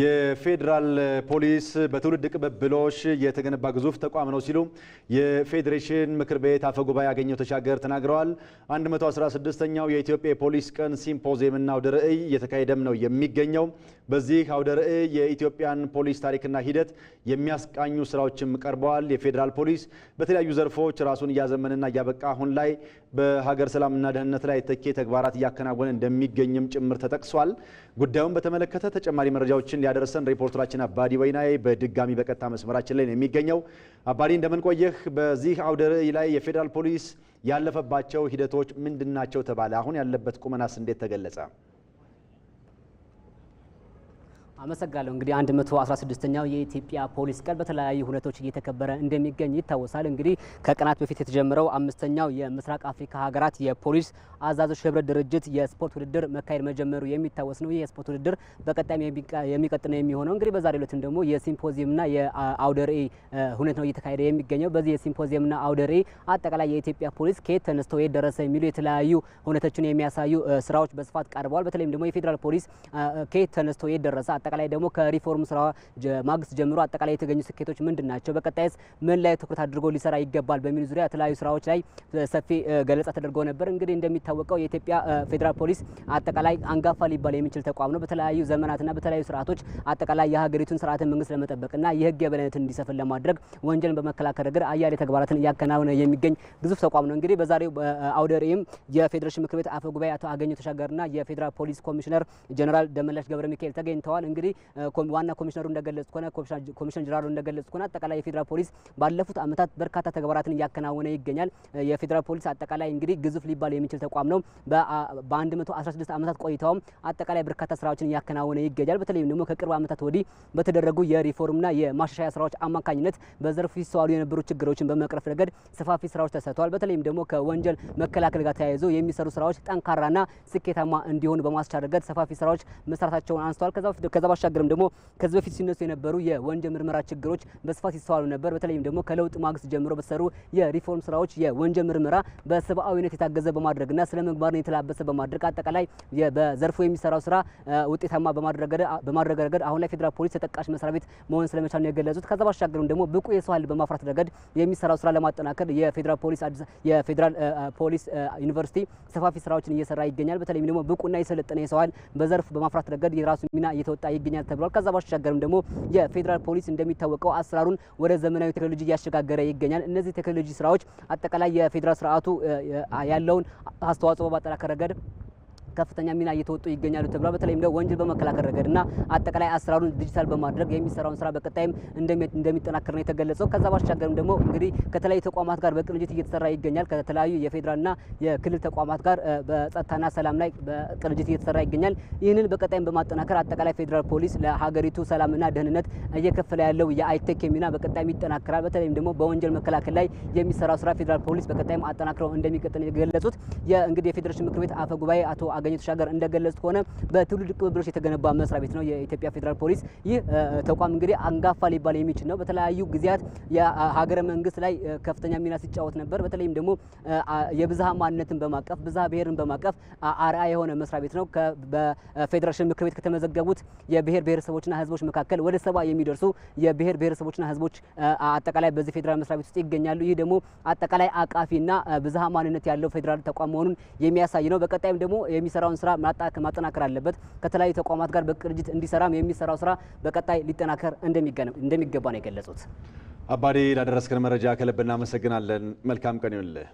የፌዴራል ፖሊስ በትውልድ ቅብብሎሽ የተገነባ ግዙፍ ተቋም ነው ሲሉ የፌዴሬሽን ምክር ቤት አፈ ጉባኤ አገኘሁ ተሻገር ተናግረዋል። 116ኛው የኢትዮጵያ የፖሊስ ቀን ሲምፖዚየምና አውደ ርዕይ እየተካሄደም ነው የሚገኘው። በዚህ አውደ ርዕይ የኢትዮጵያን ፖሊስ ታሪክና ሂደት የሚያስቃኙ ስራዎችም ቀርበዋል። የፌዴራል ፖሊስ በተለያዩ ዘርፎች ራሱን እያዘመንና እያበቃ አሁን ላይ በሀገር ሰላምና ደህንነት ላይ ተኬ ተግባራት እያከናወነ እንደሚገኝም ጭምር ተጠቅሷል። ጉዳዩን በተመለከተ ተጨማሪ መረጃዎችን ሊያደርሰን ሪፖርተራችን አባዲ ወይናይ በድጋሚ በቀጥታ መስመራችን ላይ ነው የሚገኘው። አባዲ እንደምን ቆየህ? በዚህ አውደ ርዕይ ላይ የፌዴራል ፖሊስ ያለፈባቸው ሂደቶች ምንድናቸው ተባለ? አሁን ያለበት ቁመናስ እንዴት ተገለጸ? አመሰግናለሁ። እንግዲህ 116ኛው የኢትዮጵያ ፖሊስ ቀን በተለያዩ ሁነቶች እየተከበረ እንደሚገኝ ይታወሳል። እንግዲህ ከቀናት በፊት የተጀመረው አምስተኛው የምስራቅ አፍሪካ ሀገራት የፖሊስ አዛዞች ህብረት ድርጅት የስፖርት ውድድር መካሄድ መጀመሩ የሚታወስ ነው። ይህ የስፖርት ውድድር በቀጣይ የሚቀጥል ነው የሚሆነው። እንግዲህ በዛሬው ዕለትም ደግሞ የሲምፖዚየምና የአውደ ርዕይ ሁነት ነው እየተካሄደ የሚገኘው። በዚህ የሲምፖዚየምና አውደ ርዕይ አጠቃላይ የኢትዮጵያ ፖሊስ ከየት ተነስቶ የት ደረሰ የሚሉ የተለያዩ ሁነቶችን የሚያሳዩ ስራዎች በስፋት ቀርበዋል። በተለይም ደግሞ የፌዴራል ፖሊስ ከየት ተነስቶ የት ደረሰ አጠቃላይ ደግሞ ከሪፎርም ስራ ማግስት ጀምሮ አጠቃላይ የተገኙ ስኬቶች ምንድን ናቸው? በቀጣይስ ምን ላይ ትኩረት አድርጎ ሊሰራ ይገባል? በሚል ዙሪያ የተለያዩ ስራዎች ላይ ሰፊ ገለጻ ተደርጎ ነበር። እንግዲህ እንደሚታወቀው የኢትዮጵያ ፌዴራል ፖሊስ አጠቃላይ አንጋፋ ሊባል የሚችል ተቋም ነው። በተለያዩ ዘመናትና በተለያዩ ስርዓቶች አጠቃላይ የሀገሪቱን ስርዓተ መንግስት ለመጠበቅና የህግ የበላይነት እንዲሰፍን ለማድረግ ወንጀልን በመከላከል ረገድ አያሌ ተግባራትን እያከናወነ የሚገኝ ግዙፍ ተቋም ነው። እንግዲህ በዛሬው አውደ ርዕይም የፌዴሬሽን ምክር ቤት አፈ ጉባኤ አቶ አገኘሁ ተሻገርና የፌዴራል ፖሊስ ኮሚሽነር ጀኔራል ደመላሽ ገብረ ሚካኤል ተገኝተዋል። እንግዲህ ዋና ኮሚሽነሩ እንደገለጹ ከሆነ ኮሚሽን ጀነራሉ እንደገለጹ ከሆነ አጠቃላይ የፌዴራል ፖሊስ ባለፉት ዓመታት በርካታ ተግባራትን እያከናወነ ይገኛል። የፌዴራል ፖሊስ አጠቃላይ እንግዲህ ግዙፍ ሊባል የሚችል ተቋም ነው። በ116 ዓመታት ቆይታውም አጠቃላይ በርካታ ስራዎችን እያከናወነ ይገኛል። በተለይም ደግሞ ከቅርብ ዓመታት ወዲህ በተደረጉ የሪፎርምና የማሻሻያ ስራዎች አማካኝነት በዘርፉ ሲስተዋሉ የነበሩ ችግሮችን በመቅረፍ ረገድ ሰፋፊ ስራዎች ተሰርተዋል። በተለይም ደግሞ ከወንጀል መከላከል ጋር ተያይዞ የሚሰሩ ስራዎች ጠንካራና ስኬታማ እንዲሆኑ በማስቻል ረገድ ሰፋፊ ስራዎች መስራታቸውን አንስተዋል። ከዛ ባሻገርም ደግሞ ከዚህ በፊት ሲነሱ የነበሩ የወንጀል ምርመራ ችግሮች በስፋት ይስተዋሉ ነበር። በተለይም ደግሞ ከለውጥ ማግስት ጀምሮ በተሰሩ የሪፎርም ስራዎች የወንጀል ምርመራ በሰብአዊነት የታገዘ በማድረግና ስለ ምግባርን የተላበሰ በማድረግ አጠቃላይ በዘርፉ የሚሰራው ስራ ውጤታማ በማድረግ ረገድ አሁን ላይ ፌዴራል ፖሊስ ተጠቃሽ መስሪያ ቤት መሆን ስለመቻል ነው የገለጹት። ከዛ ባሻገርም ደግሞ ብቁ የሰው ኃይል በማፍራት ረገድ የሚሰራው ስራ ለማጠናከር የፌዴራል ፖሊስ የፌዴራል ፖሊስ ዩኒቨርሲቲ ሰፋፊ ስራዎችን እየሰራ ይገኛል። በተለይም ደግሞ ብቁና የሰለጠነ የሰው ኃይል በዘርፍ በማፍራት ረገድ የራሱ ሚና እየተወጣ ይገኛል ተብሏል። ከዛ ባሻገርም ደግሞ የፌዴራል ፖሊስ እንደሚታወቀው አሰራሩን ወደ ዘመናዊ ቴክኖሎጂ እያሸጋገረ ይገኛል። እነዚህ ቴክኖሎጂ ስራዎች አጠቃላይ የፌዴራል ስርዓቱ ያለውን አስተዋጽኦ በማጠናከር ረገድ ከፍተኛ ሚና እየተወጡ ይገኛሉ ተብሏል። በተለይም ደግሞ ወንጀል በመከላከል ረገድና አጠቃላይ አሰራሩን ዲጂታል በማድረግ የሚሰራውን ስራ በቀጣይም እንደሚጠናከር ነው የተገለጸው። ከዛ ባሻገርም ደግሞ እንግዲህ ከተለያዩ ተቋማት ጋር በቅንጅት እየተሰራ ይገኛል። ከተለያዩ የፌዴራልና የክልል ተቋማት ጋር በጸጥታና ሰላም ላይ በቅንጅት እየተሰራ ይገኛል። ይህንን በቀጣይም በማጠናከር አጠቃላይ ፌዴራል ፖሊስ ለሀገሪቱ ሰላምና ደህንነት እየከፈለ ያለው የአይቴክ ሚና በቀጣይም ይጠናከራል። በተለይም ደግሞ በወንጀል መከላከል ላይ የሚሰራው ስራ ፌዴራል ፖሊስ በቀጣይም አጠናክረው እንደሚቀጥል የገለጹት እንግዲህ የፌዴሬሽን ምክር ቤት አፈ ጉባኤ አቶ ማገኘት ተሻገር እንደገለጹት ከሆነ በትውልድ ቅብብሎች የተገነባ መስሪያ ቤት ነው የኢትዮጵያ ፌዴራል ፖሊስ። ይህ ተቋም እንግዲህ አንጋፋ ሊባል የሚችል ነው። በተለያዩ ጊዜያት የሀገረ መንግስት ላይ ከፍተኛ ሚና ሲጫወት ነበር። በተለይም ደግሞ የብዝሃ ማንነትን በማቀፍ ብዝሃ ብሔርን በማቀፍ አርአ የሆነ መስሪያ ቤት ነው። በፌዴሬሽን ምክር ቤት ከተመዘገቡት የብሔር ብሔረሰቦችና ህዝቦች መካከል ወደ ሰባ የሚደርሱ የብሔር ብሔረሰቦችና ህዝቦች አጠቃላይ በዚህ ፌዴራል መስሪያ ቤት ውስጥ ይገኛሉ። ይህ ደግሞ አጠቃላይ አቃፊና ብዝሃ ማንነት ያለው ፌዴራል ተቋም መሆኑን የሚያሳይ ነው። በቀጣይም ደግሞ የሚሰራውን ስራ ማጠናከር አለበት። ከተለያዩ ተቋማት ጋር በቅርጅት እንዲሰራም የሚሰራው ስራ በቀጣይ ሊጠናከር እንደሚገባ ነው የገለጹት። አባዴ ላደረስከን መረጃ ከልብ እናመሰግናለን። መልካም ቀን ይሁንልህ።